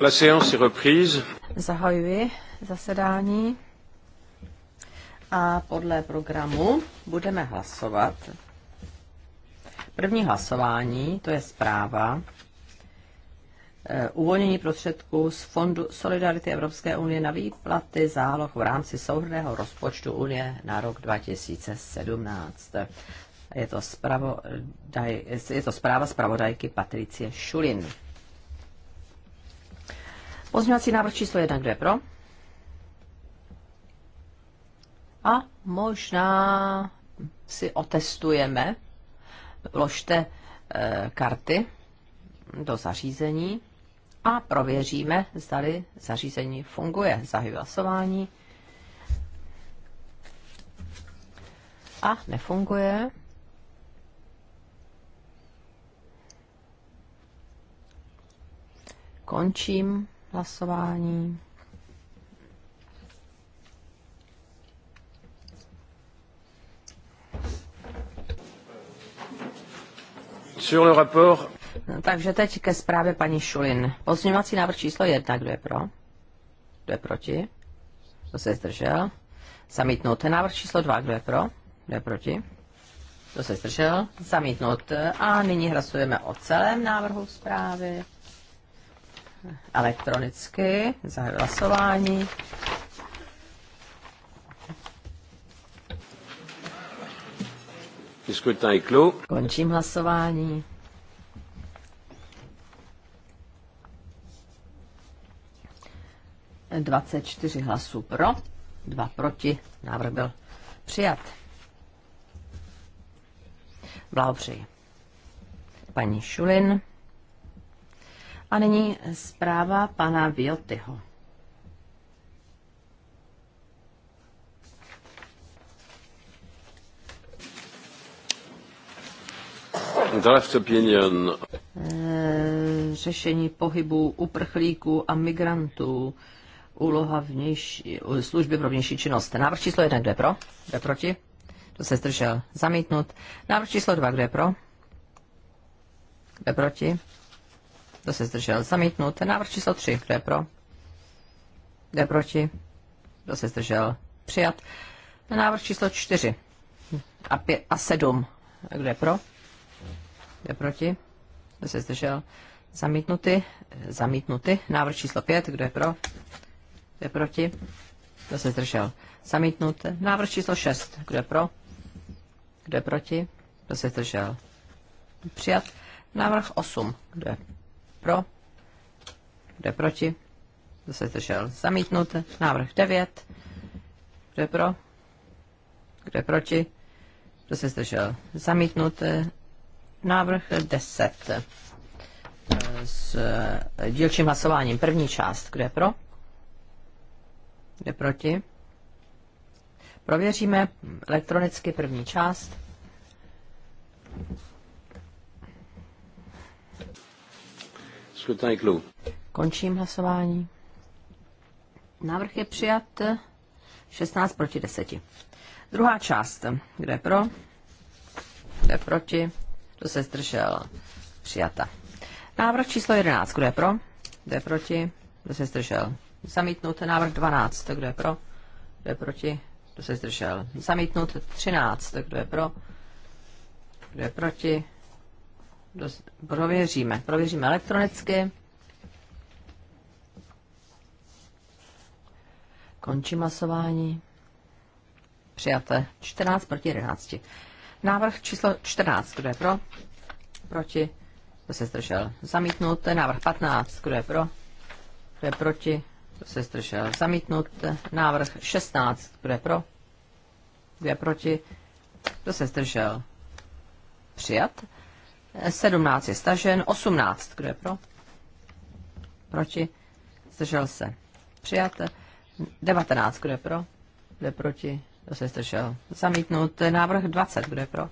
La séance est reprise. Zahajuji zasedání a podle programu budeme hlasovat. První hlasování, to je zpráva eh, uvolnění prostředků z Fondu Solidarity Evropské unie na výplaty záloh v rámci souhrného rozpočtu Unie na rok 2017. Je to, je to zpráva zpravodajky Patricie Šulin. Pozměňovací návrh číslo 1, kdo je pro? A možná si otestujeme, vložte e, karty do zařízení a prověříme, zda zařízení funguje. Zahajuji hlasování. A nefunguje. Končím hlasování. Sur le rapport. No, takže teď ke zprávě paní Šulin. Pozměňovací návrh číslo jedna, kdo je pro? Kdo je proti? Kdo se zdržel? Zamítnout. Návrh číslo dva, kdo je pro? Kdo je proti? Kdo se zdržel? Zamítnout. A nyní hlasujeme o celém návrhu zprávy elektronicky, za hlasování. Končím hlasování. Dvacet čtyři hlasů pro, dva proti, návrh byl přijat. Blahopřeji. Paní Šulin. A nyní zpráva pana Viotyho. Eh, řešení pohybu uprchlíků a migrantů. Úloha vnější, služby pro vnější činnost. Návrh číslo 1, je pro? je proti? Kdo se zdržel? Zamítnut. Návrh číslo 2, je pro? je proti? Kdo se zdržel? Zamítnut. Návrh číslo 3. Kdo je pro? Kdo je proti? Kdo se zdržel? Přijat. Návrh číslo 4 a, pě- a 7. Kdo je pro? Kdo je proti? Kdo se zdržel? Zamítnuty. Zamítnuty. Návrh číslo 5. Kdo je pro? Kdo je proti? Kdo se zdržel? Zamítnut. Návrh číslo 6. Kdo je pro? Kdo je proti? Kdo se zdržel? Přijat. Návrh 8. Kdo je pro, kdo je proti, kdo se zdržel, zamítnut, návrh 9, kdo je pro, kdo je proti, kdo se zdržel, zamítnut, návrh 10 s dílčím hlasováním. První část, kdo je pro, kdo je proti. Prověříme elektronicky první část. Končím hlasování. Návrh je přijat 16 proti 10. Druhá část. Kdo je pro? Kdo je proti? Kdo se zdržel? Přijata. Návrh číslo 11. Kdo je pro? Kdo je proti? Kdo se zdržel? Zamítnut. Návrh 12. Kdo je pro? Kdo je proti? Kdo se zdržel? Zamítnut. 13. Kdo je pro? Kdo je proti? prověříme. Prověříme elektronicky. Končí masování. Přijaté 14 proti 11. Návrh číslo 14. Kdo je pro? Proti? Kdo se zdržel? Zamítnut. Návrh 15. Kdo je pro? Kdo je proti? Kdo se zdržel? Zamítnut. Návrh 16. Kdo je pro? Kdo je proti? Kdo se zdržel? Přijat. 17 je stažen, 18, kdo je pro? Proti? Zdržel se. Přijat. 19, kdo je pro? Kdo je proti? Kdo se zdržel? Zamítnut. Návrh 20, kdo je pro?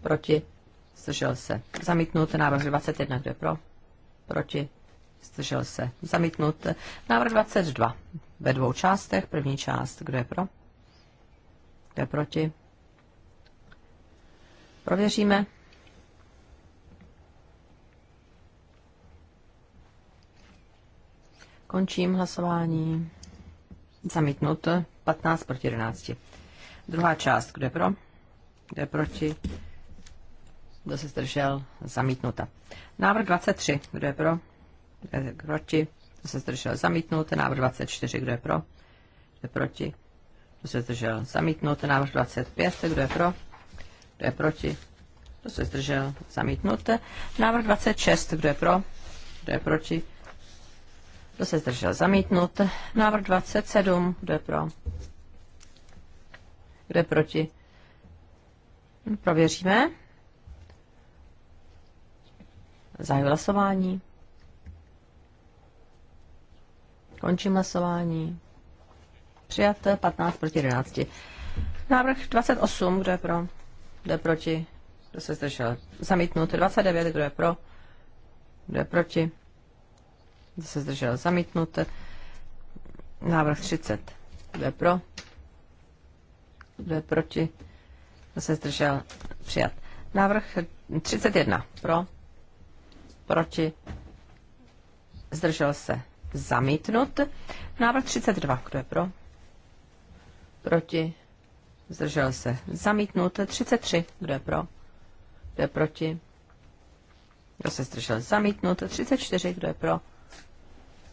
Proti? Zdržel se. Zamítnut. Návrh 21, kdo je pro? Proti? Zdržel se. Zamítnut. Návrh 22. Ve dvou částech. První část, kdo je pro? Kdo je proti? Prověříme. Končím hlasování. Zamítnut 15 proti 11. Druhá část, kde pro? Kde proti? Kdo se zdržel? Zamítnuta. Návrh 23, kdo je pro? Kdo je proti? Kdo se zdržel? Zamítnut. Návrh 24, kdo je pro? Kdo je proti? Kdo se zdržel? Zamítnut. Návrh 25, kdo je pro? Kdo je proti? Kdo se zdržel? Zamítnut. Návrh 26, kdo je pro? Kdo je proti? Kdo se zdržel? Zamítnut. Návrh 27. Kdo je pro? Kdo je proti? Hm, prověříme. Zahajuji hlasování. Končím hlasování. Přijat 15 proti 11. Návrh 28. Kdo je pro? Kdo je proti? Kdo se zdržel? Zamítnut. 29. Kdo je pro? Kdo je proti? kdo se zdržel zamítnut. Návrh 30, kdo je pro, kdo je proti, kdo se zdržel přijat. Návrh 31, pro, proti, zdržel se zamítnut. Návrh 32, kdo je pro, proti, zdržel se zamítnut. 33, kdo je pro, kdo je proti, kdo se zdržel zamítnut. 34, kdo je pro,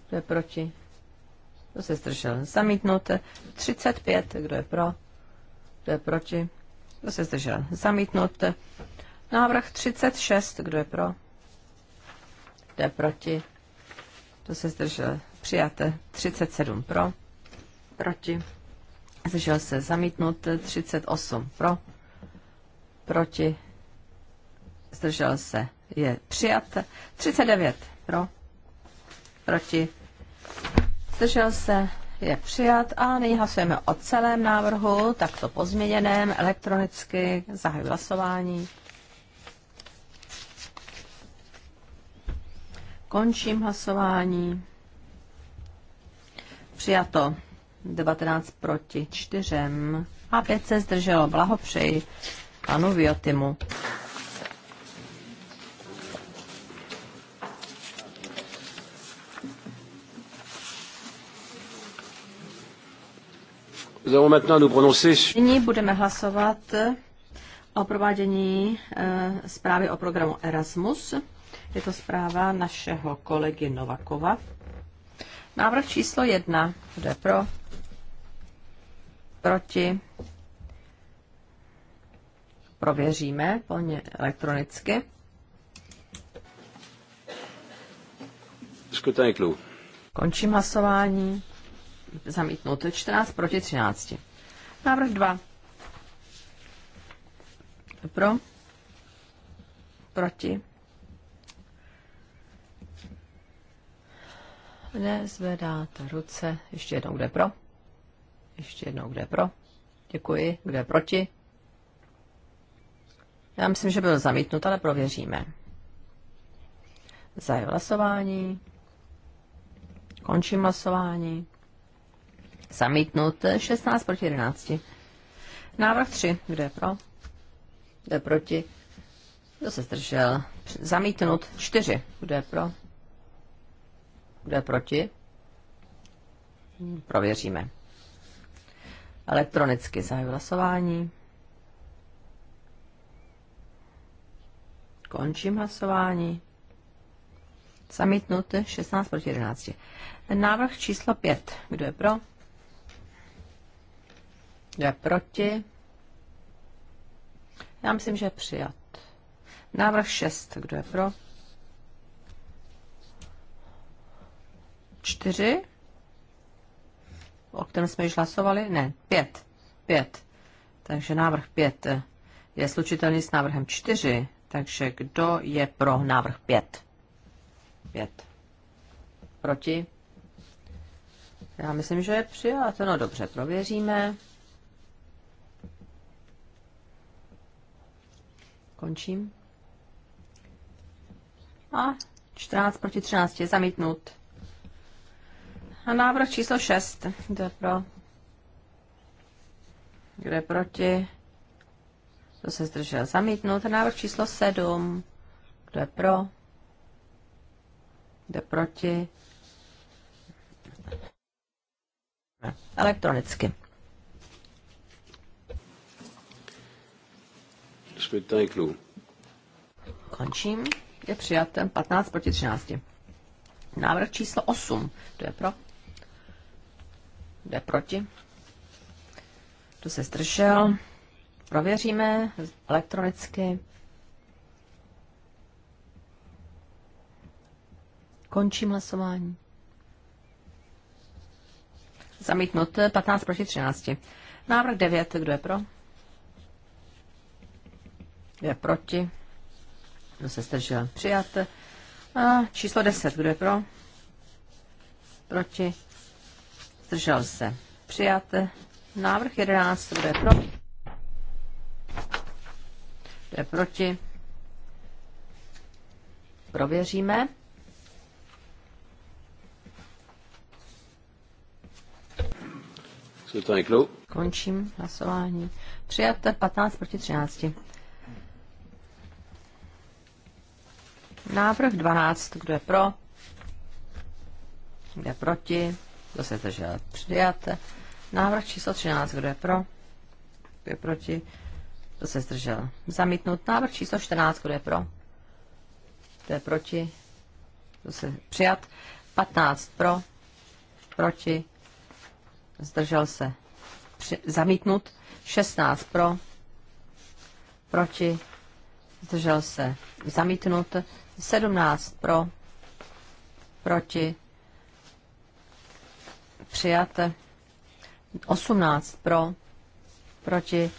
kdo je proti? To se zdržel? Zamítnut. 35. Kdo je pro? Kdo je proti? To se zdržel? Zamítnut. Návrh 36. Kdo je pro? Kdo je proti? To se zdržel? Přijaté. 37 pro. Proti. Zdržel se. Zamítnut. 38 pro. Proti. Zdržel se. Je přijat. 39 pro. Proti. Zdržel se? Je přijat. A nyní hlasujeme o celém návrhu, takto pozměněném, elektronicky. Zahajuji hlasování. Končím hlasování. Přijato 19 proti 4 a 5 se zdrželo. Blahopřeji panu Viotimu. Nyní budeme hlasovat o provádění eh, zprávy o programu Erasmus. Je to zpráva našeho kolegy Novakova. Návrh číslo jedna. Kdo je pro? Proti? Prověříme plně elektronicky. Končím hlasování zamítnut 14 proti 13. Návrh 2. Pro. Proti. Nezvedáte ruce. Ještě jednou, kde pro? Ještě jednou, kde pro? Děkuji. Kde proti? Já myslím, že byl zamítnut, ale prověříme. Zahajuji hlasování. Končím hlasování. Zamítnut 16 proti 11. Návrh 3. Kdo je pro? Kdo je proti? Kdo se zdržel? Zamítnut 4. Kdo je pro? Kdo je proti? Prověříme. Elektronicky zahajuji hlasování. Končím hlasování. Zamítnut 16 proti 11. Návrh číslo 5. Kdo je pro? je proti? Já myslím, že je přijat. Návrh 6. Kdo je pro? 4. O kterém jsme již hlasovali? Ne, 5. 5. Takže návrh 5 je slučitelný s návrhem 4. Takže kdo je pro návrh 5? 5. Proti? Já myslím, že je přijat. No dobře, prověříme. Končím. A 14 proti 13 je zamítnut. A návrh číslo 6. Kdo je pro? Kdo je proti? Kdo se zdržel? Zamítnut. Návrh číslo 7. Kdo je pro? Kdo je proti? Elektronicky. Scrutin Končím. Je přijat ten 15 proti 13. Návrh číslo 8. To je pro? Kdo je proti? To se stršel. Prověříme elektronicky. Končím hlasování. Zamítnut 15 proti 13. Návrh 9. Kdo je pro? Kdo je proti? Kdo se zdržel? Přijat. A číslo 10. Kdo je pro? Proti? Zdržel se. Přijat. Návrh 11. Kdo je pro? Kdo je proti? Prověříme. Končím hlasování. Přijat 15 proti 13. Návrh 12, kdo je pro? Kdo je proti? Kdo se zdržel? Přijáte. Návrh číslo 13, kdo je pro? Kdo je proti? Kdo se zdržel? Zamítnut. Návrh číslo 14, kdo je pro? Kdo je proti? Kdo se přijat? 15 pro, proti, zdržel se. Při, zamítnut. 16 pro, proti, zdržel se. Zamítnut. 17 pro, proti, přijate, 18 pro, proti,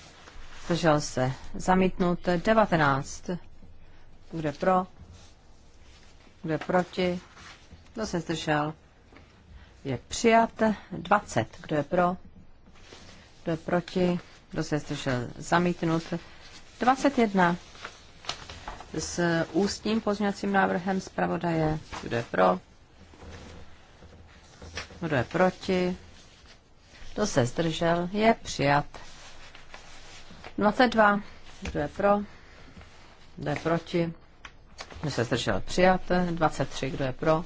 zdržel se, zamítnut. 19, bude pro, bude proti, kdo se zdržel, je přijat. 20, kdo je pro, kdo je proti, kdo se zdržel, zamítnut. 21, s ústním pozměňovacím návrhem zpravodaje. Kdo je pro? Kdo je proti? Kdo se zdržel? Je přijat. 22. Kdo je pro? Kdo je proti? Kdo se zdržel? Přijat. 23. Kdo je pro?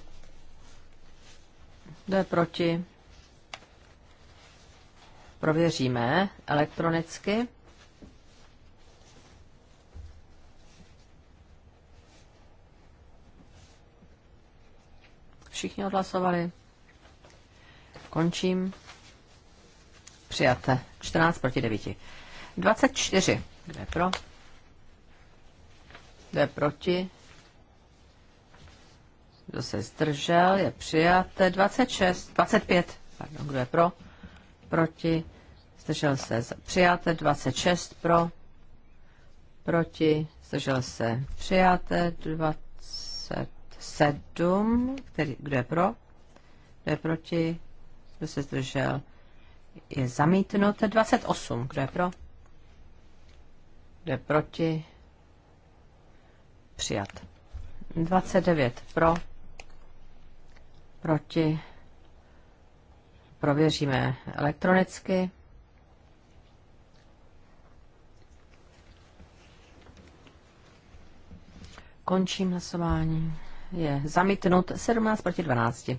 Kdo je proti? Prověříme elektronicky. Všichni odhlasovali. Končím. Přijaté. 14 proti 9. 24. Kdo je pro? Kdo je proti? Kdo se zdržel? Je přijaté. 26. 25. Pardon, kdo je pro? Proti. Zdržel se. Přijaté. 26 pro. Proti. Zdržel se. Přijaté. 20. 7, který, kdo je pro, kdo je proti, kdo se zdržel, je zamítnut. 28, kdo je pro, kdo je proti, přijat. 29 pro, proti, prověříme elektronicky. Končím hlasování je zamítnut 17 proti 12.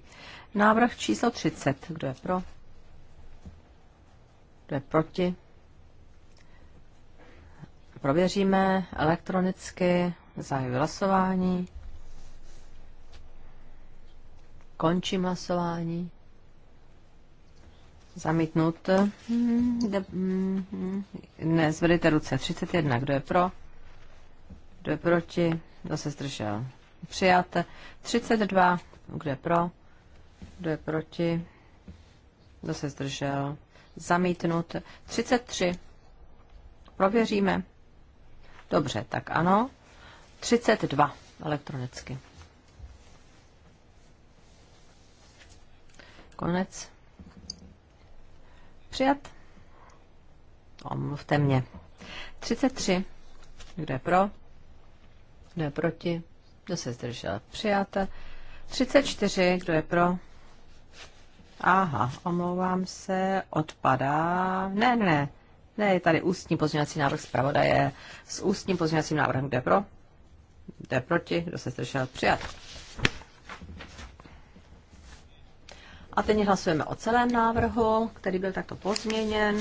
Návrh číslo 30. Kdo je pro? Kdo je proti? Prověříme elektronicky zahajuji hlasování. Končím hlasování. Zamítnut. Ne, zvedejte ruce. 31. Kdo je pro? Kdo je proti? Kdo se zdržel? přijat 32, kdo je pro, kdo je proti, kdo se zdržel, zamítnut 33. Prověříme. Dobře, tak ano. 32 elektronicky. Konec. Přijat. Omluvte no, mě. 33. Kdo je pro? Kdo je proti? Kdo se zdržel? Přijáte. 34. Kdo je pro? Aha, omlouvám se, odpadá. Ne, ne, ne, je tady ústní pozměňovací návrh zpravodaje s ústním pozměňovacím návrhem. Kdo je pro? Kdo je proti? Kdo se zdržel? Přijat. A teď hlasujeme o celém návrhu, který byl takto pozměněn.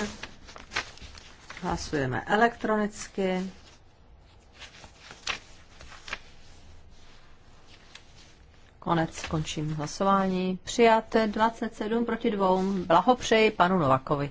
Hlasujeme elektronicky. Konec, končím hlasování. Přijat 27 proti 2. Blahopřeji panu Novakovi.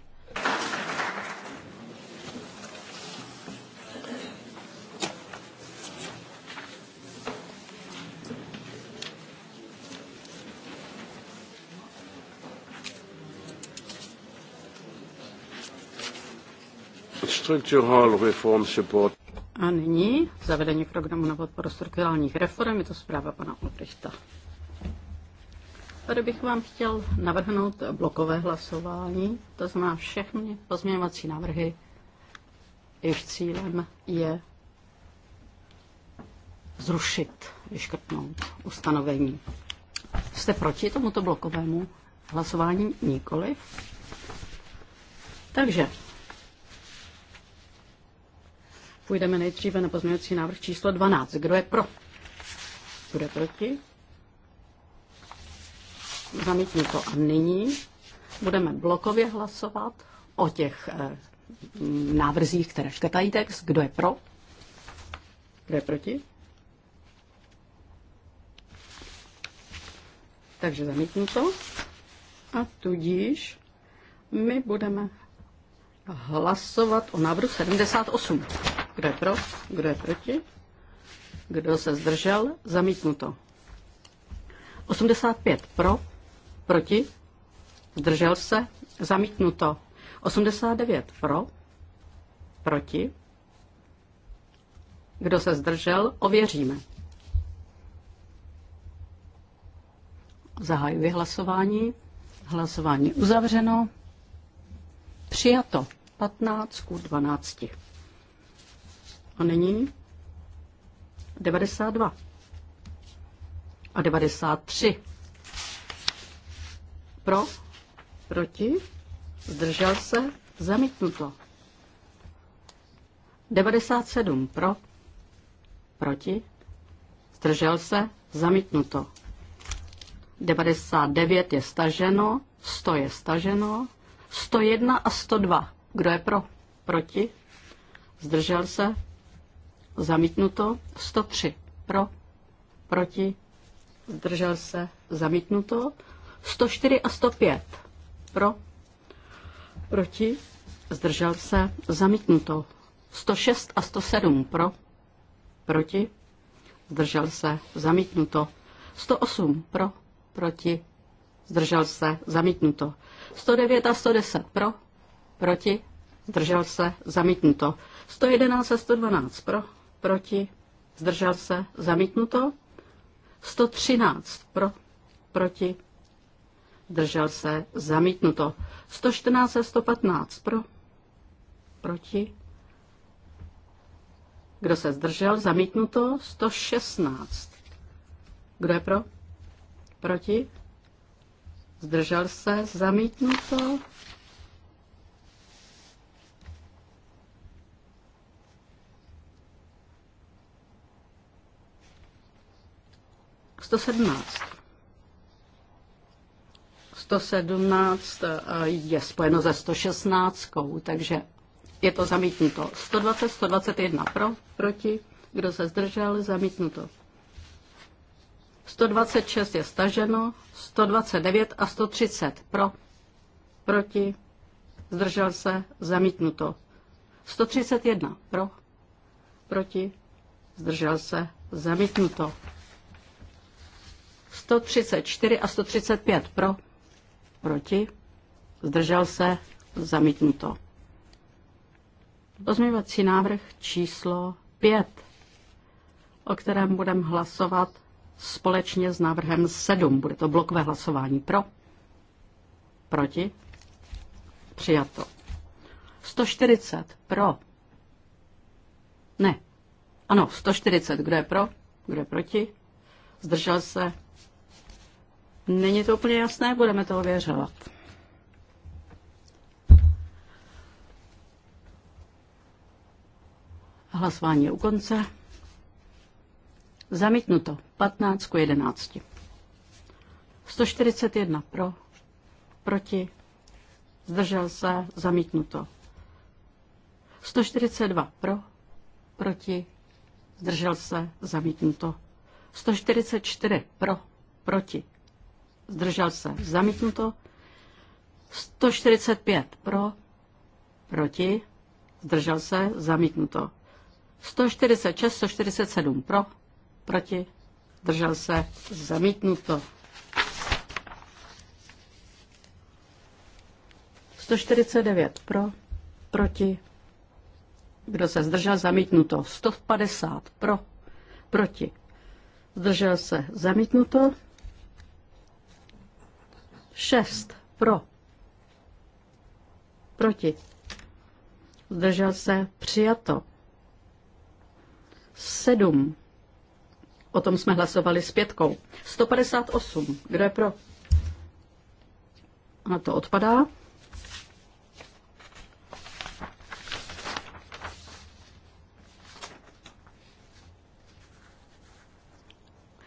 Structural reform support. A nyní zavedení programu na podporu strukturálních reform, je to zpráva pana Ulbrichta. Tady bych vám chtěl navrhnout blokové hlasování, to znamená všechny pozměňovací návrhy, jejich cílem je zrušit, vyškrtnout ustanovení. Jste proti tomuto blokovému hlasování? Nikoliv. Takže Půjdeme nejdříve na pozměňovací návrh číslo 12. Kdo je pro? Kdo je proti? to A nyní budeme blokově hlasovat o těch eh, návrzích, které škrtají text. Kdo je pro? Kdo je proti? Takže to. A tudíž my budeme hlasovat o návrhu 78. Kdo je pro? Kdo je proti? Kdo se zdržel? Zamítnuto. 85 pro, proti, zdržel se, zamítnuto. 89 pro, proti, kdo se zdržel, ověříme. Zahajuji hlasování. Hlasování uzavřeno. Přijato 15 k 12. A nyní 92 a 93. Pro, proti, zdržel se, zamítnuto. 97 pro, proti, zdržel se, zamítnuto. 99 je staženo, 100 je staženo, 101 a 102. Kdo je pro? Proti? Zdržel se? zamítnuto, 103 pro, proti, zdržel se, zamítnuto, 104 a 105 pro, proti, zdržel se, zamítnuto, 106 a 107 pro, proti, zdržel se, zamítnuto, 108 pro, proti, zdržel se, zamítnuto, 109 a 110 pro, proti, zdržel se, zamítnuto, 111 a 112 pro, proti, zdržel se, zamítnuto. 113 pro, proti, zdržel se, zamítnuto. 114 a 115 pro, proti, kdo se zdržel, zamítnuto. 116, kdo je pro, proti, zdržel se, zamítnuto. 117. 117 eh, je spojeno ze 116, takže je to zamítnuto. 120, 121 pro, proti, kdo se zdržel, zamítnuto. 126 je staženo, 129 a 130 pro, proti, zdržel se, zamítnuto. 131 pro, proti, zdržel se, zamítnuto. 134 a 135 pro, proti, zdržel se, zamítnuto. Pozměňovací návrh číslo 5, o kterém budeme hlasovat společně s návrhem 7. Bude to blokové hlasování pro, proti, přijato. 140 pro, ne, ano, 140, kdo je pro, kdo je proti, zdržel se, Není to úplně jasné, budeme to ověřovat. Hlasování je u konce. Zamítnuto 15 k 11. 141 pro, proti, zdržel se, zamítnuto. 142 pro, proti, zdržel se, zamítnuto. 144 pro, proti, zdržel se, zamítnuto. 145 pro, proti, zdržel se, zamítnuto. 146, 147 pro, proti, zdržel se, zamítnuto. 149 pro, proti, kdo se zdržel, zamítnuto. 150 pro, proti, zdržel se, zamítnuto. 6 pro. Proti. Zdržel se přijato. 7. O tom jsme hlasovali s pětkou. 158. Kdo je pro? Na to odpadá.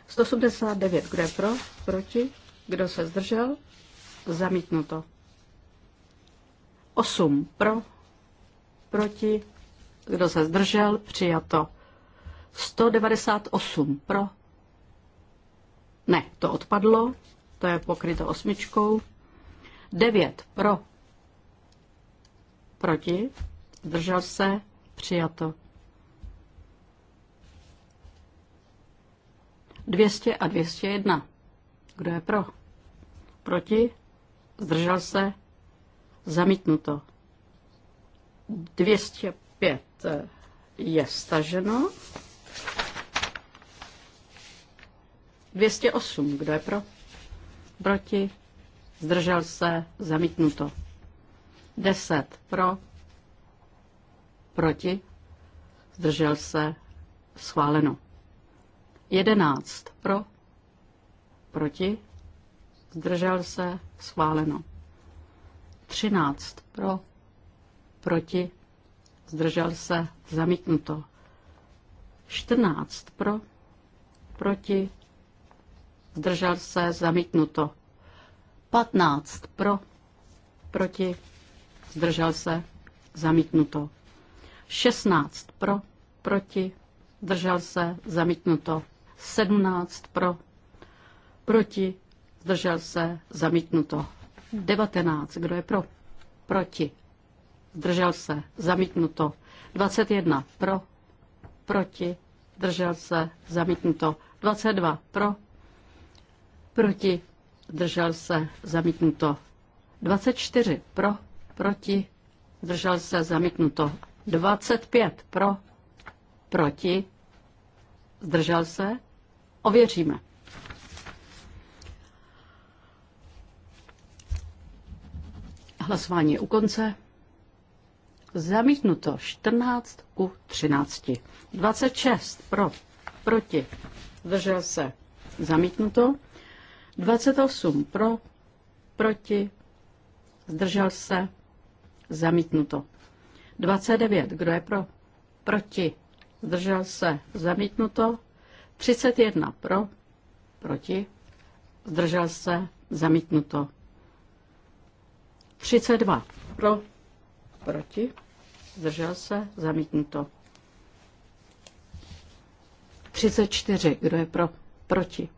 Sto osmdesát devět. Kdo je pro? Proti? Kdo se zdržel? Zamítnuto. 8 pro, proti, kdo se zdržel? Přijato. 198 pro. Ne, to odpadlo, to je pokryto osmičkou. 9 pro, proti, zdržel se, přijato. 200 a 201 kdo je pro? Proti? Zdržel se? Zamítnuto. 205 eh, je staženo. 208. Kdo je pro? Proti? Zdržel se? Zamítnuto. 10 pro? Proti? Zdržel se? Schváleno. 11 pro? proti, zdržel se, schváleno. 13 pro, proti, zdržel se, zamítnuto. 14 pro, proti, zdržel se, zamítnuto. 15 pro, proti, zdržel se, zamítnuto. 16 pro, proti, zdržel se, zamítnuto. 17 pro, proti, zdržel se, zamítnuto. 19, kdo je pro, proti, zdržel se, zamítnuto. 21, pro, proti, zdržel se, zamítnuto. 22, pro, proti, zdržel se, zamítnuto. 24, pro, proti, zdržel se, zamítnuto. 25, pro, proti, zdržel se, ověříme. Hlasování je u konce. Zamítnuto 14 u 13. 26 pro, proti, zdržel se. Zamítnuto. 28 pro, proti, zdržel se. Zamítnuto. 29. Kdo je pro? Proti. Zdržel se. Zamítnuto. 31. Pro. Proti. Zdržel se. Zamítnuto. 32 pro, proti, zdržel se, zamítnuto. 34, kdo je pro, proti,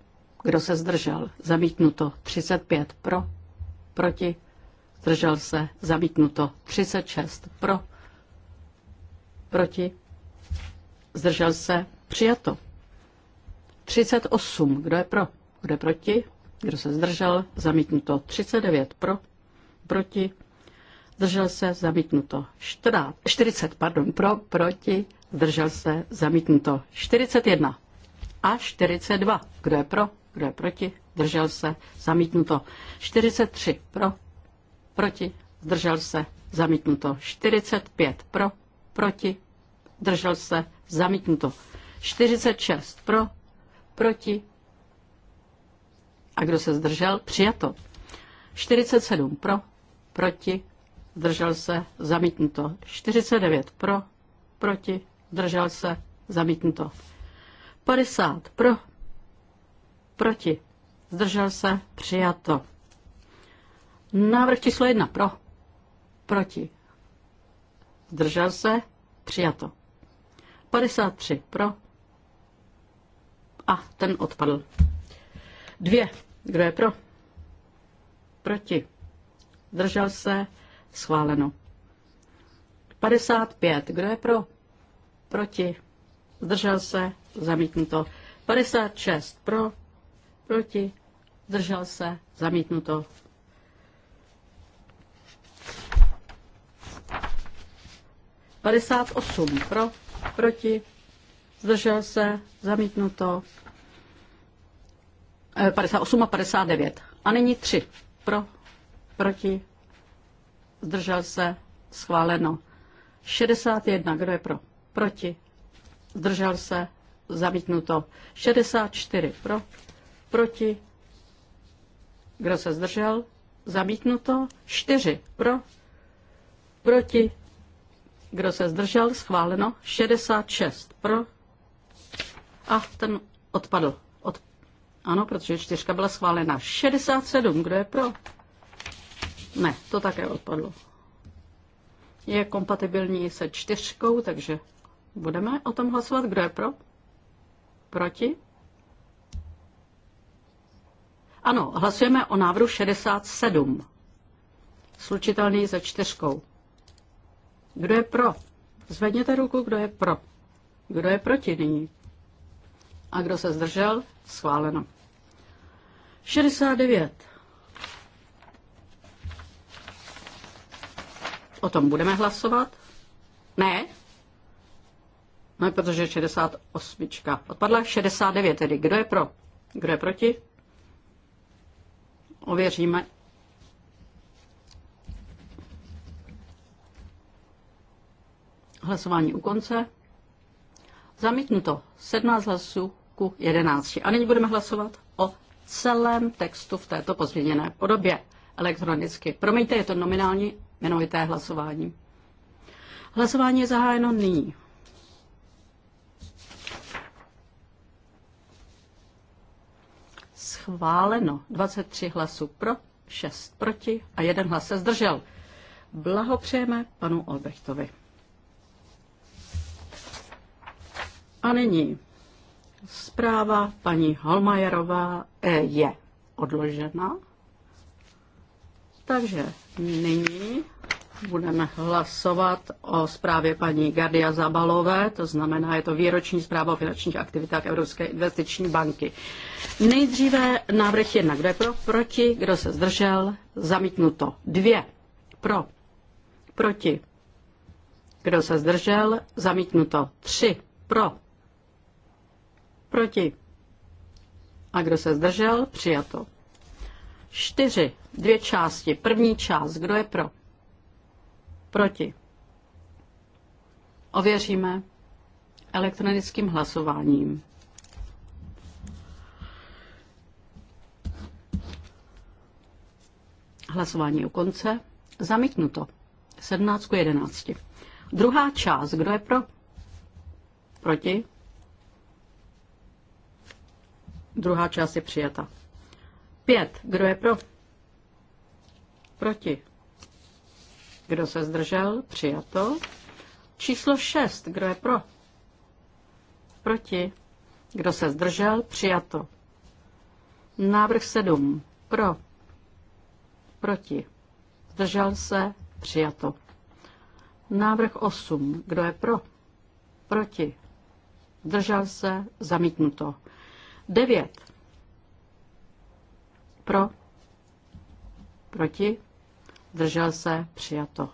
kdo se zdržel, zamítnuto. 35 pro, proti, zdržel se, zamítnuto. 36 pro, proti, zdržel se, přijato. 38, kdo je pro, kdo je proti, kdo se zdržel, zamítnuto. 39 pro, proti, zdržel se, zamítnuto. 40, pardon, pro, proti, zdržel se, zamítnuto. 41 a 42. Kdo je pro, kdo je proti, zdržel se, zamítnuto. 43 pro, proti, zdržel se, zamítnuto. 45 pro, proti, zdržel se, zamítnuto. 46 pro, proti. A kdo se zdržel? Přijato. 47 pro, proti, zdržel se, zamítnuto. 49 pro, proti, zdržel se, zamítnuto. 50 pro, proti, zdržel se, přijato. Návrh číslo 1 pro, proti, zdržel se, přijato. 53 pro a ten odpadl. Dvě, kdo je pro? Proti Držel se? Schváleno. 55. Kdo je pro? Proti. Zdržel se? Zamítnuto. 56. Pro? Proti. Zdržel se? Zamítnuto. Padesát osm pro, proti, zdržel se, zamítnuto. 58 eh, a 59. A nyní tři, Pro, proti, zdržel se, schváleno. 61, kdo je pro, proti, zdržel se, zamítnuto. 64 pro, proti, kdo se zdržel, zamítnuto. 4 pro, proti, kdo se zdržel, schváleno. 66 pro a ten odpadl. Ano, protože čtyřka byla schválena. 67, kdo je pro? Ne, to také odpadlo. Je kompatibilní se čtyřkou, takže budeme o tom hlasovat. Kdo je pro? Proti? Ano, hlasujeme o návrhu 67. Slučitelný se čtyřkou. Kdo je pro? Zvedněte ruku, kdo je pro. Kdo je proti nyní? A kdo se zdržel? Schváleno. 69. O tom budeme hlasovat? Ne? No, protože 68 odpadla, 69 tedy. Kdo je pro? Kdo je proti? Ověříme. Hlasování u konce. Zamítnuto 17 hlasů ku 11. A nyní budeme hlasovat o celém textu v této pozměněné podobě elektronicky. Promiňte, je to nominální jmenovité hlasování. Hlasování je zahájeno nyní. Schváleno 23 hlasů pro, 6 proti a jeden hlas se zdržel. Blahopřejeme panu Olbrechtovi. A nyní zpráva paní Holmajerová eh, je odložena. Takže nyní budeme hlasovat o zprávě paní Gardia Zabalové, to znamená, je to výroční zpráva o finančních aktivitách Evropské investiční banky. Nejdříve návrh jedna, kdo je pro, proti, kdo se zdržel, zamítnuto. Dvě, pro, proti, kdo se zdržel, zamítnuto. Tři, pro, proti. A kdo se zdržel, přijato. Čtyři, dvě části. První část, kdo je pro? Proti. Ověříme elektronickým hlasováním. Hlasování u konce. Zamítnuto. 17 k 11. Druhá část. Kdo je pro? Proti? Druhá část je přijata. Pět. Kdo je pro? Proti. Kdo se zdržel? Přijato. Číslo 6. Kdo je pro? Proti. Kdo se zdržel? Přijato. Návrh 7. Pro. Proti. Zdržel se? Přijato. Návrh 8. Kdo je pro? Proti. Zdržel se? Zamítnuto. 9. Pro. Proti zdržel se, přijato.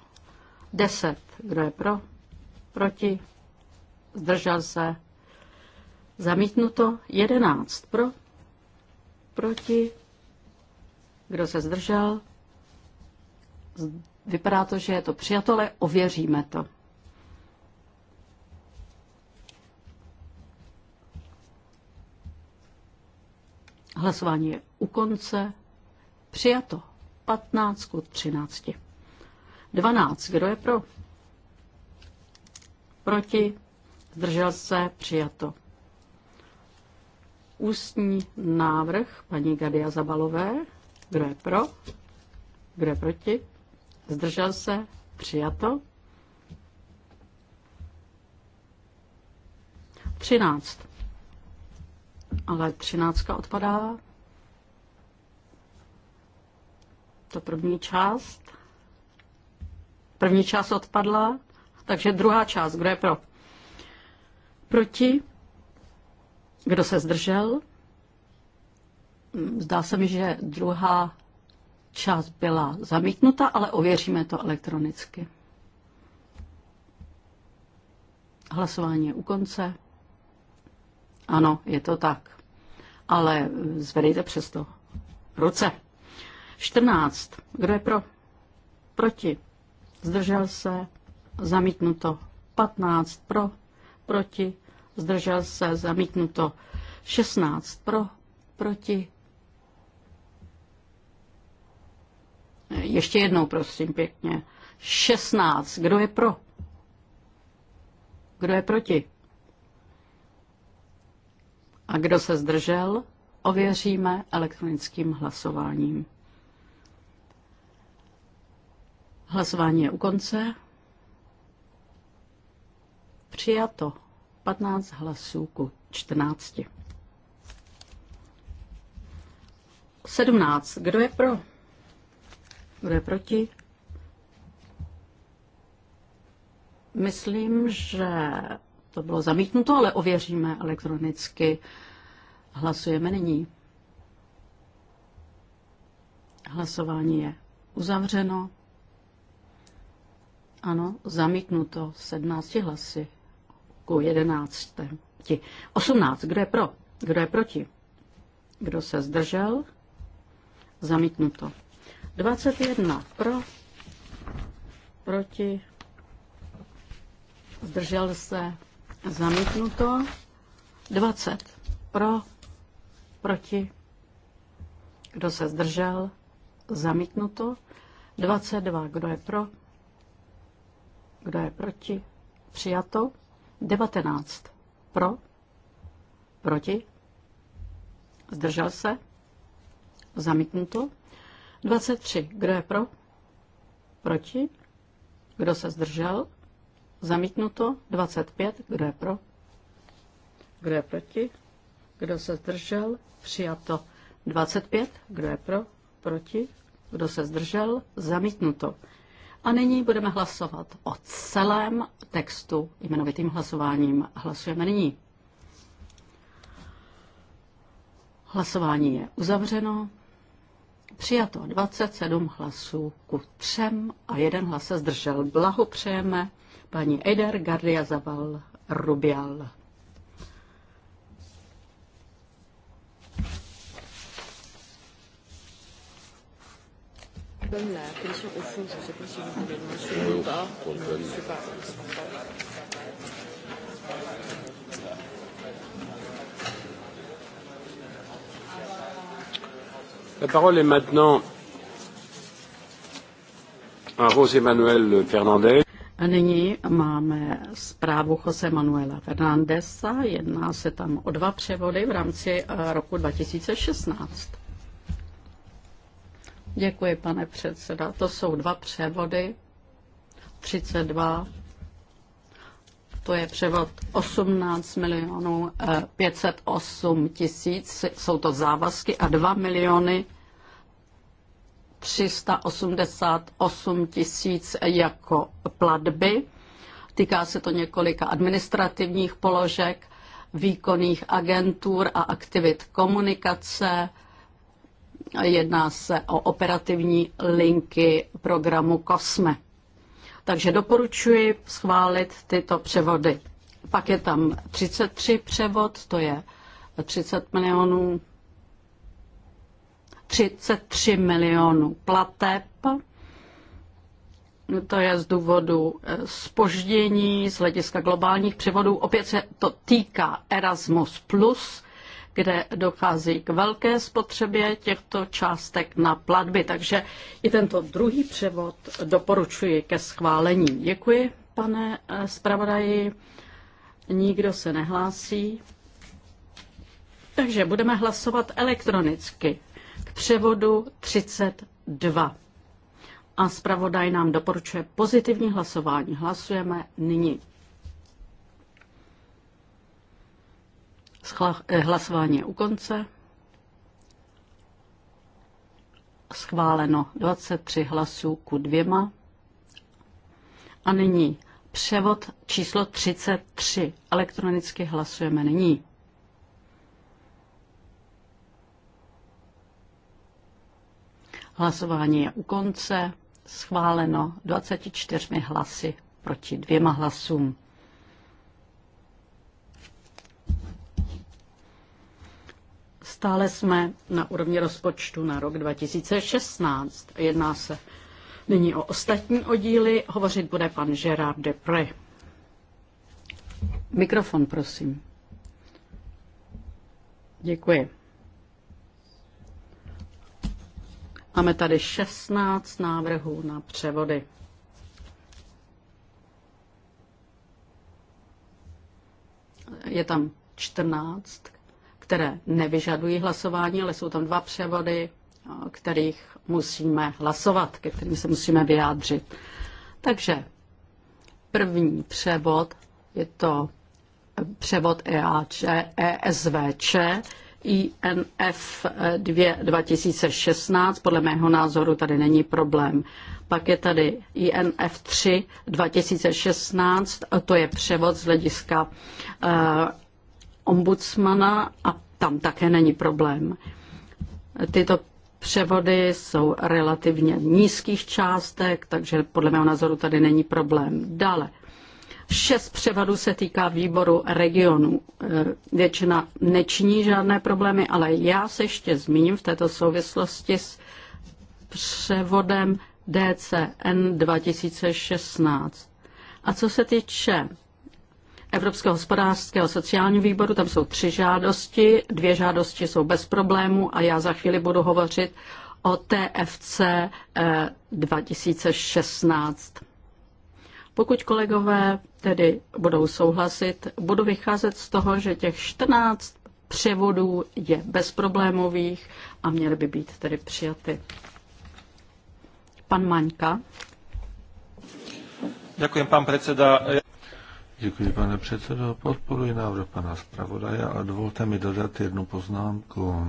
10, kdo je pro, proti, zdržel se, zamítnuto. 11, pro, proti, kdo se zdržel, vypadá to, že je to přijato, ale ověříme to. Hlasování je u konce. Přijato. 15 k 13. 12. Kdo je pro? Proti? Zdržel se? Přijato. Ústní návrh paní Gadia Zabalové. Kdo je pro? Kdo je proti? Zdržel se? Přijato. 13. Ale 13 odpadá. to první část. První část odpadla, takže druhá část, kdo je pro? Proti? Kdo se zdržel? Zdá se mi, že druhá část byla zamítnuta, ale ověříme to elektronicky. Hlasování je u konce. Ano, je to tak. Ale zvedejte přesto ruce. 14. Kdo je pro? Proti. Zdržel se. Zamítnuto. 15. Pro. Proti. Zdržel se. Zamítnuto. 16. Pro. Proti. Ještě jednou, prosím, pěkně. 16. Kdo je pro? Kdo je proti? A kdo se zdržel, ověříme elektronickým hlasováním. Hlasování je u konce. Přijato 15 hlasů ku 14. 17. Kdo je pro? Kdo je proti? Myslím, že to bylo zamítnuto, ale ověříme elektronicky. Hlasujeme nyní. Hlasování je uzavřeno. Ano, zamítnuto 17 hlasy ku 11. 18. Kdo je pro? Kdo je proti? Kdo se zdržel? Zamítnuto. 21 pro, proti, zdržel se, zamítnuto. 20 pro, proti, kdo se zdržel, zamítnuto. 22, kdo je pro, kdo je proti? Přijato. 19. Pro? Proti? Zdržel se? Zamítnuto. 23. Kdo je pro? Proti? Kdo se zdržel? Zamítnuto. 25. Kdo je pro? Kdo je proti? Kdo se zdržel? Přijato. 25. Kdo je pro? Proti? Kdo se zdržel? Zamítnuto. A nyní budeme hlasovat o celém textu jmenovitým hlasováním. Hlasujeme nyní. Hlasování je uzavřeno. Přijato 27 hlasů ku třem a jeden hlas se zdržel. Blahopřejeme paní Eider Gardia zaval, Rubial. la au fond, je ne sais pas si vous le mentionner ou pas. Je ne sais pas. La parole est maintenant à José Manuel Fernandez. A nyní máme zprávu Jose Manuela Fernandesa. Jedná se tam o dva převody v rámci eh, roku 2016. Děkuji, pane předseda. To jsou dva převody. 32. To je převod 18 milionů 508 eh, tisíc, jsou to závazky, a 2 miliony 388 tisíc jako platby. Týká se to několika administrativních položek, výkonných agentur a aktivit komunikace, Jedná se o operativní linky programu COSME. Takže doporučuji schválit tyto převody. Pak je tam 33 převod, to je 30 milionů 33 milionů plateb. To je z důvodu spoždění eh, z hlediska globálních převodů. Opět se to týká Erasmus+, plus, kde dochází k velké spotřebě těchto částek na platby. Takže i tento druhý převod doporučuji ke schválení. Děkuji, pane eh, zpravodaji. Nikdo se nehlásí. Takže budeme hlasovat elektronicky k převodu 32. A zpravodaj nám doporučuje pozitivní hlasování. Hlasujeme nyní. Eh, hlasování je u konce. Schváleno 23 hlasů ku dvěma. A nyní převod číslo 33. Elektronicky hlasujeme nyní. Hlasování je u konce. Schváleno 24 hlasy proti dvěma hlasům. Stále jsme na úrovni rozpočtu na rok 2016. Jedná se nyní o ostatní oddíly. Hovořit bude pan Gerard Depre. Mikrofon, prosím. Děkuji. Máme tady 16 návrhů na převody. Je tam 14 které nevyžadují hlasování, ale jsou tam dva převody, o kterých musíme hlasovat, ke kterým se musíme vyjádřit. Takže první převod je to převod EAČ, ESVČ, INF 2016, podle mého názoru tady není problém. Pak je tady INF 3 2016, to je převod z hlediska eh, ombudsmana a tam také není problém. Tyto převody jsou relativně nízkých částek, takže podle mého názoru tady není problém. Dále, šest převadů se týká výboru regionu. Eh, většina nečiní žádné problémy, ale já se ještě zmíním v této souvislosti s převodem DCN 2016. A co se týče Evropského hospodářského sociálního výboru. Tam jsou tři žádosti, dvě žádosti jsou bez problémů a já za chvíli budu hovořit o TFC 2016. Eh, Pokud kolegové tedy budou souhlasit, budu vycházet z toho, že těch 14 převodů je bezproblémových a měly by být tedy přijaty. Pan Maňka. Děkuji, pan předseda. Děkuji, pane předsedo. Podporuji návrh pana zpravodaje a dovolte mi dodat jednu poznámku.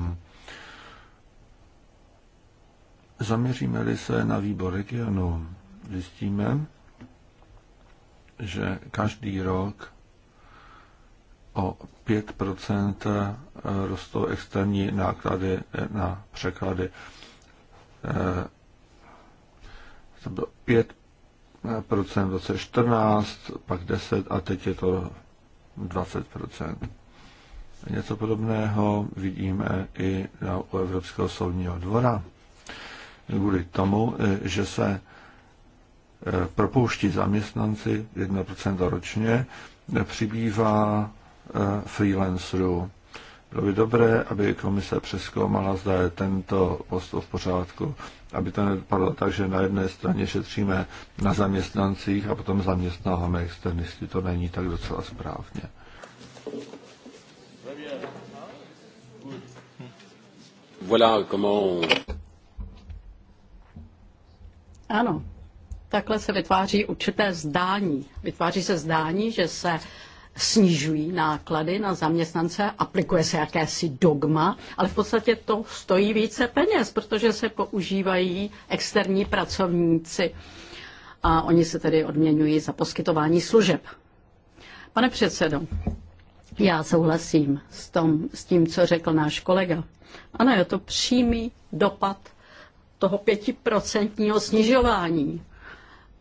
Zaměříme-li se na výbor regionu, zjistíme, že každý rok o 5 rostou externí náklady na překlady. Eh, to bylo v roce 14, pak 10 a teď je to 20 procent. Něco podobného vidíme i u Evropského soudního dvora. Kvůli tomu, že se eh, propouští zaměstnanci 1% ročně, eh, přibývá eh, freelancerů. Bylo by dobré, aby komise přeskoumala, zda je tento postup v pořádku, aby to nedopadlo tak, že na jedné straně šetříme na zaměstnancích a potom zaměstnáváme externisty. To není tak docela správně. Voilà comment... Ano, takhle se vytváří určité zdání. Vytváří se zdání, že se snižují náklady na zaměstnance, aplikuje se jakési dogma, ale v podstatě to stojí více peněz, protože se používají externí pracovníci a oni se tedy odměňují za poskytování služeb. Pane předsedo, já souhlasím s, tom, s tím, co řekl náš kolega. Ano, je to přímý dopad toho pětiprocentního snižování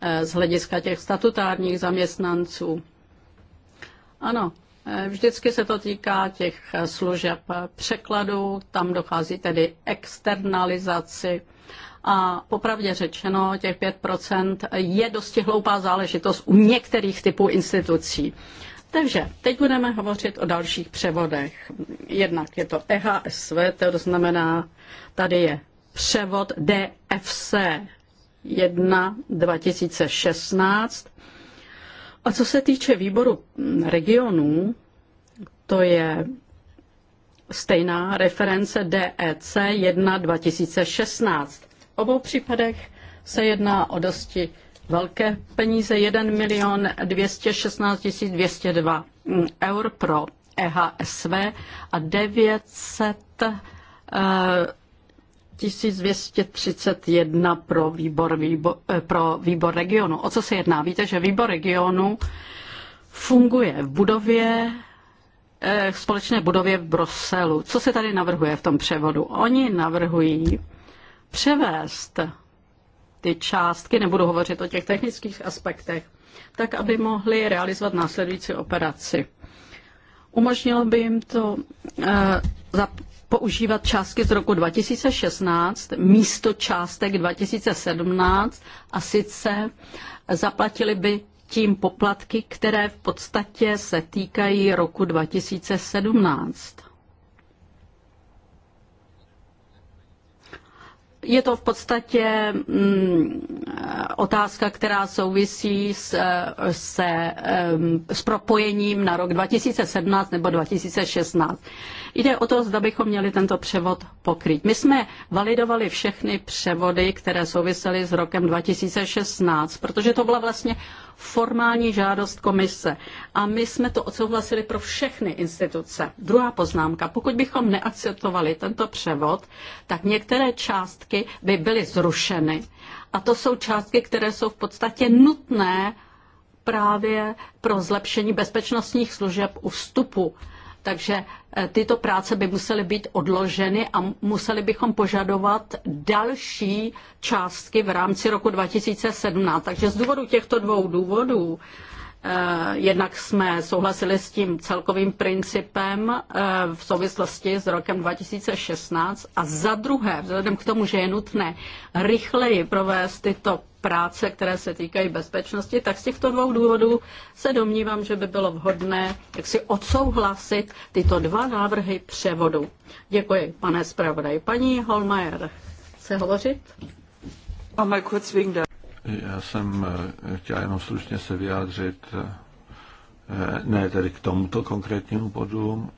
eh, z hlediska těch statutárních zaměstnanců. Ano, eh, vždycky se to týká těch eh, služeb eh, překladu, tam dochází tedy externalizaci. A popravdě řečeno, těch 5% je dosti hloupá záležitost u některých typů institucí. Takže teď budeme hovořit o dalších převodech. Jednak je to EHSV, to znamená, tady je převod DFC 1 2016 a co se týče výboru regionů, to je stejná reference DEC 1 2016. V obou případech se jedná o dosti velké peníze 1 milion 216 202 eur pro EHSV a 900 uh, 1231 pro výbor, výbor, eh, pro výbor regionu. O co se jedná? Víte, že výbor regionu funguje v budově eh, v společné budově v Bruselu. Co se tady navrhuje v tom převodu? Oni navrhují převést ty částky, nebudu hovořit o těch technických aspektech, tak, aby mohli realizovat následující operaci. Umožnilo by jim to eh, používat částky z roku 2016 místo částek 2017 a sice zaplatili by tím poplatky, které v podstatě se týkají roku 2017. Je to v podstatě mm, otázka, která souvisí s, eh, se, s propojením na rok 2017 nebo 2016. Jde o to, zda bychom měli tento převod pokryt. My jsme validovali všechny převody, které souvisely s rokem 2016, protože to byla vlastně formální žádost komise. A my jsme to odsouhlasili pro všechny instituce. Druhá poznámka. Pokud bychom neakceptovali tento převod, tak některé částky by byly zrušeny a to jsou částky, které jsou v podstatě nutné právě pro zlepšení bezpečnostních služeb u vstupu. Takže eh, tyto práce by musely být odloženy a museli bychom požadovat další částky v rámci roku 2017. Takže z důvodu těchto dvou důvodů Eh, jednak jsme souhlasili s tím celkovým principem eh, v souvislosti s rokem 2016 a za druhé, vzhledem k tomu, že je nutné rychleji provést tyto práce, které se týkají bezpečnosti, tak z těchto dvou důvodů se domnívám, že by bylo vhodné jak si odsouhlasit tyto dva návrhy převodu. Děkuji, pane zpravodaj. Paní Holmajer, chce hovořit? Oh, já jsem eh, chtěl jenom slušně se vyjádřit, eh, ne tedy k tomuto konkrétnímu bodu,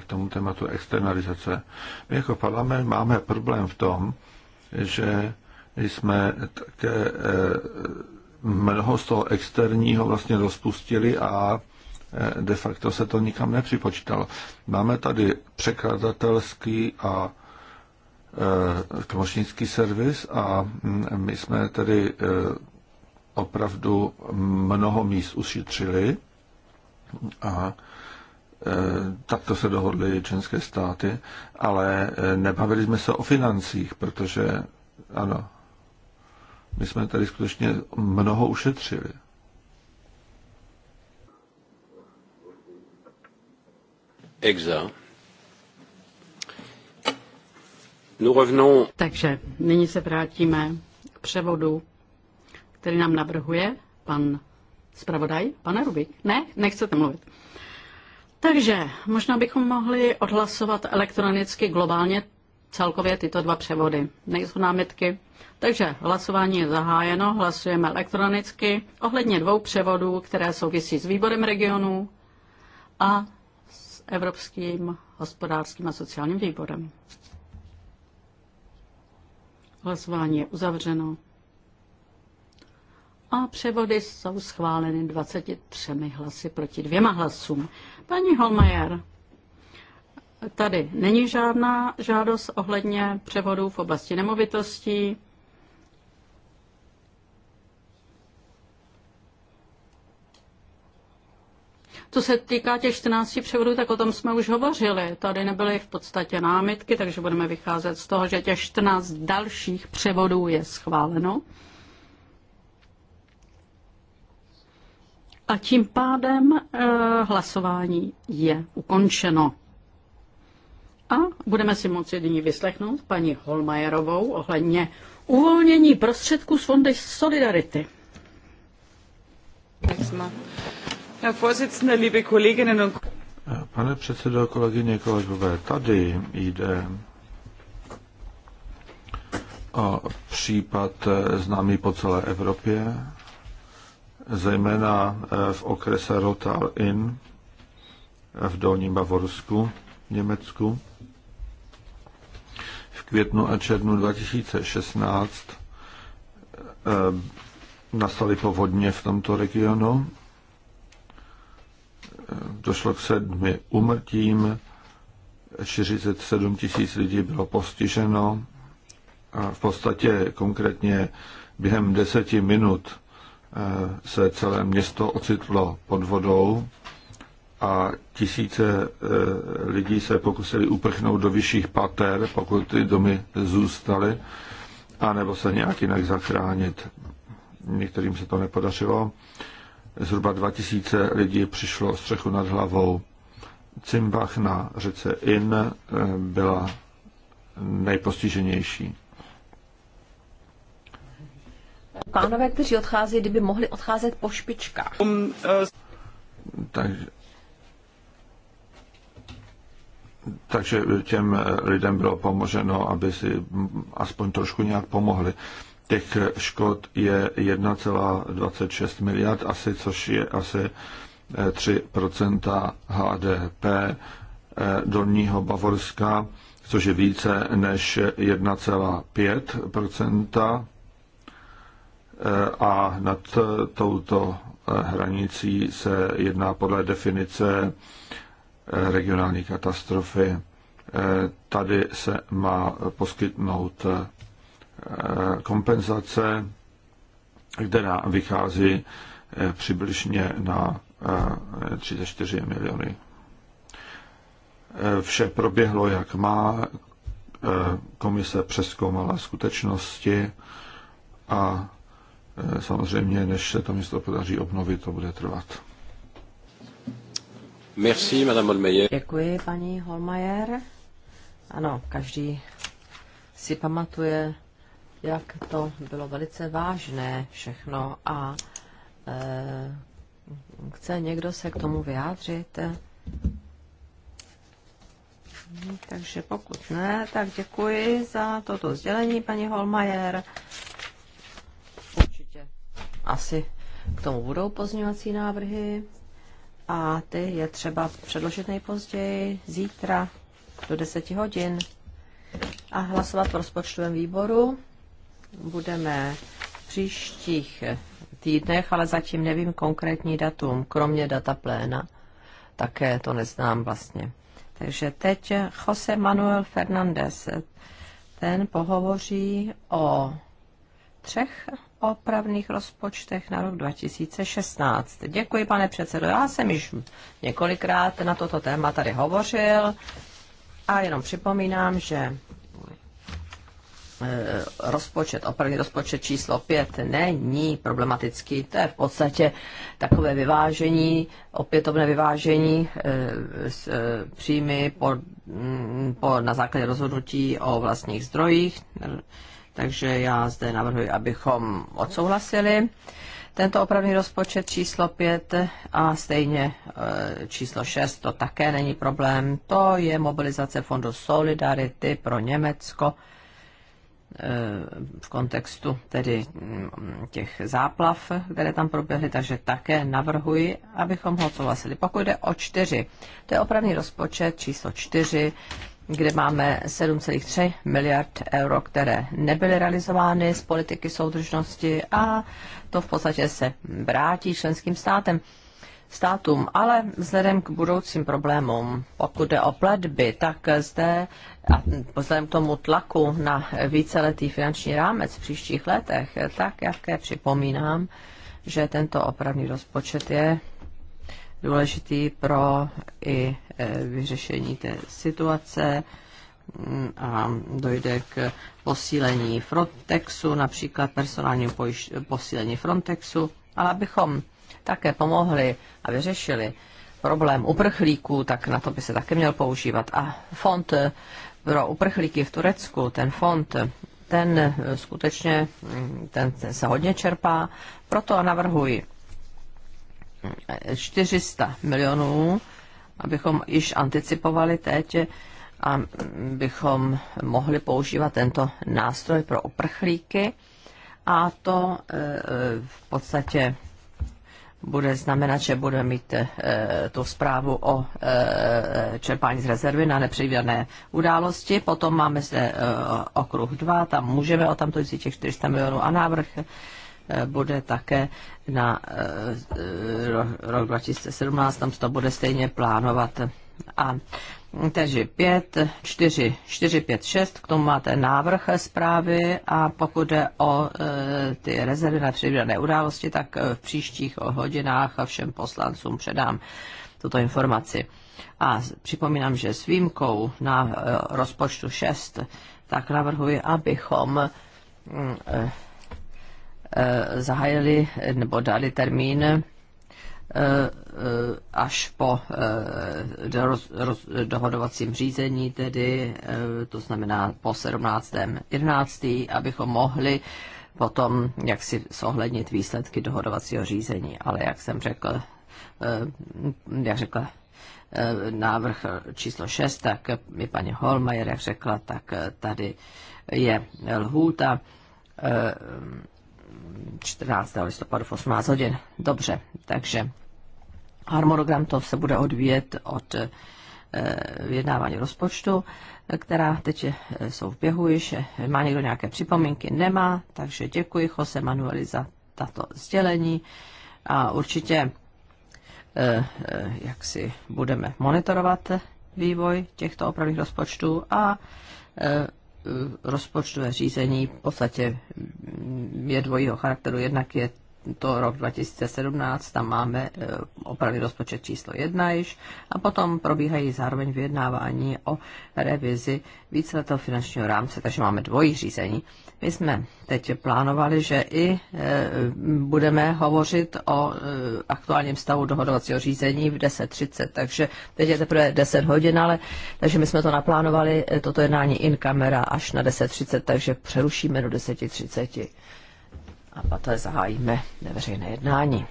k tomu tématu externalizace. My jako parlament máme problém v tom, že jsme také eh, mnoho z toho externího vlastně rozpustili a de facto se to nikam nepřipočítalo. Máme tady překladatelský a Eh, tlumočnický servis a my jsme tedy eh, opravdu mnoho míst ušetřili a eh, takto se dohodly členské státy, ale nebavili jsme se o financích, protože ano, my jsme tady skutečně mnoho ušetřili. Exa. Takže nyní se vrátíme k převodu, který nám navrhuje pan zpravodaj, pane Rubik. Ne, nechcete mluvit. Takže možná bychom mohli odhlasovat elektronicky globálně celkově tyto dva převody. Nejsou námitky. Takže hlasování je zahájeno, hlasujeme elektronicky ohledně dvou převodů, které souvisí s výborem regionů a s Evropským hospodářským a sociálním výborem. Hlasování je uzavřeno. A převody jsou schváleny 23 hlasy proti dvěma hlasům. Paní Holmajer, tady není žádná žádost ohledně převodů v oblasti nemovitostí. Co se týká těch 14 převodů, tak o tom jsme už hovořili. Tady nebyly v podstatě námitky, takže budeme vycházet z toho, že těch 14 dalších převodů je schváleno. A tím pádem e, hlasování je ukončeno. A budeme si moci nyní vyslechnout paní Holmajerovou ohledně uvolnění prostředků z Fondy Solidarity. Thanks, jsme. Pane předsedo, kolegyně, kolegové, tady jde o případ známý po celé Evropě, zejména eh, v okrese Rotal Inn v Dolním Bavorsku, Německu. V květnu a červnu 2016 eh, eh, nastaly povodně v tomto regionu došlo k sedmi umrtím, 47 tisíc lidí bylo postiženo a v podstatě konkrétně během deseti minut eh, se celé město ocitlo pod vodou a tisíce eh, lidí se pokusili uprchnout do vyšších pater, pokud ty domy zůstaly, anebo se nějak jinak zachránit. Některým se to nepodařilo. Zhruba 2000 lidí přišlo střechu nad hlavou. Cimbach na řece In eh, byla nejpostiženější. Pánové, kteří odchází, kdyby mohli odcházet po špičkách. Um, eh, takže, takže těm lidem bylo pomoženo, aby si aspoň trošku nějak pomohli těch škod je 1,26 miliard asi, což je asi 3 eh, HDP eh, dolního Bavorska, což je více než 1,5 eh, a nad touto hranicí se jedná podle definice regionální katastrofy. Tady se má poskytnout Eh, kompenzace, která vychází eh, přibližně na 34 eh, miliony. Vše proběhlo, jak má. Komise přeskoumala skutečnosti a samozřejmě, než se to město podaří obnovit, to bude trvat. Merci, Madame Holmeyer. Děkuji, paní Holmeyer. Ano, každý si pamatuje jak to bylo velice vážné všechno a e, chce někdo se k tomu vyjádřit? Hm, takže pokud ne, tak děkuji za toto sdělení, paní Holmajer. Určitě asi k tomu budou pozměňovací návrhy a ty je třeba předložit nejpozději zítra do 10 hodin a hlasovat v rozpočtovém výboru budeme v příštích týdnech, ale zatím nevím konkrétní datum, kromě data pléna. Také to neznám vlastně. Takže teď Jose Manuel Fernández, ten pohovoří o třech opravných rozpočtech na rok 2016. Děkuji, pane předsedo. Já jsem již několikrát na toto téma tady hovořil a jenom připomínám, že Eh, rozpočet, opravný rozpočet číslo 5 není problematický. To je v podstatě takové vyvážení, opětovné vyvážení eh, s eh, příjmy po, mm, po, na základě rozhodnutí o vlastních zdrojích. Takže já zde navrhuji, abychom odsouhlasili tento opravný rozpočet číslo 5 a stejně číslo 6 to také není problém. To je mobilizace fondu Solidarity pro Německo Eh, v kontextu tedy mm, těch záplav, které tam proběhly, takže také navrhuji, abychom ho souhlasili. Pokud jde o čtyři, to je opravný rozpočet číslo čtyři, kde máme 7,3 miliard euro, které nebyly realizovány z politiky soudržnosti a to v podstatě se vrátí členským státem státům, ale vzhledem k budoucím problémům, pokud jde o platby, tak zde a vzhledem k tomu tlaku na víceletý finanční rámec v příštích letech, tak jaké připomínám, že tento opravný rozpočet je důležitý pro i e, vyřešení té situace mm, a dojde k posílení Frontexu, například personálního posílení Frontexu, ale abychom také pomohly a vyřešily problém uprchlíků, tak na to by se také měl používat. A fond pro uprchlíky v Turecku, ten fond, ten skutečně ten, ten se hodně čerpá, proto navrhuji 400 milionů, abychom již anticipovali teď, a bychom mohli používat tento nástroj pro uprchlíky a to eh, v podstatě bude znamenat, že bude mít e, tu zprávu o e, čerpání z rezervy na nepředvídané události. Potom máme zde e, okruh 2, tam můžeme o tamto vzít těch 400 milionů a návrh bude také na e, rok 2017, tam se to bude stejně plánovat. A takže 5, 4, 4, 5, 6, k tomu máte návrh zprávy a pokud jde o e, ty rezervy na přidané události, tak e, v příštích hodinách a všem poslancům předám tuto informaci. A připomínám, že s výjimkou na e, rozpočtu 6, tak navrhuji, abychom mm, e, e, zahájili nebo dali termín Eh, až po eh, dohodovacím řízení, tedy eh, to znamená po 17. 11. abychom mohli potom jak si zohlednit výsledky dohodovacího řízení. Ale jak jsem řekl, jak řekla návrh číslo 6, tak mi paní Holmajer, jak řekla, tak tady je lhůta 14. listopadu v 18 hodin. Dobře, takže harmonogram to se bude odvíjet od eh, vyjednávání rozpočtu, která teď eh, jsou v běhu již. Eh, má někdo nějaké připomínky? Nemá, takže děkuji Jose Manueli za tato sdělení a určitě jak si budeme monitorovat vývoj těchto opravných rozpočtů a rozpočtové řízení v podstatě je dvojího charakteru. Jednak je to rok 2017, tam máme e, opravy rozpočet číslo 1 již a potom probíhají zároveň vyjednávání o revizi víceletého finančního rámce, takže máme dvojí řízení. My jsme teď plánovali, že i e, budeme hovořit o e, aktuálním stavu dohodovacího řízení v 10.30, takže teď je teprve 10 hodin, ale takže my jsme to naplánovali, toto jednání in kamera až na 10.30, takže přerušíme do 10.30 a poté zahájíme neveřejné jednání.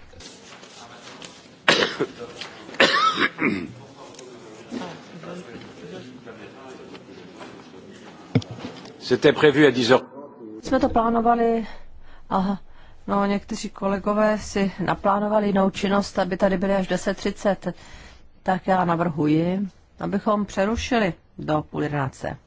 Jsme to plánovali, a no někteří kolegové si naplánovali jinou činnost, aby tady byly až 10.30, tak já navrhuji, abychom přerušili do půl jedenácté.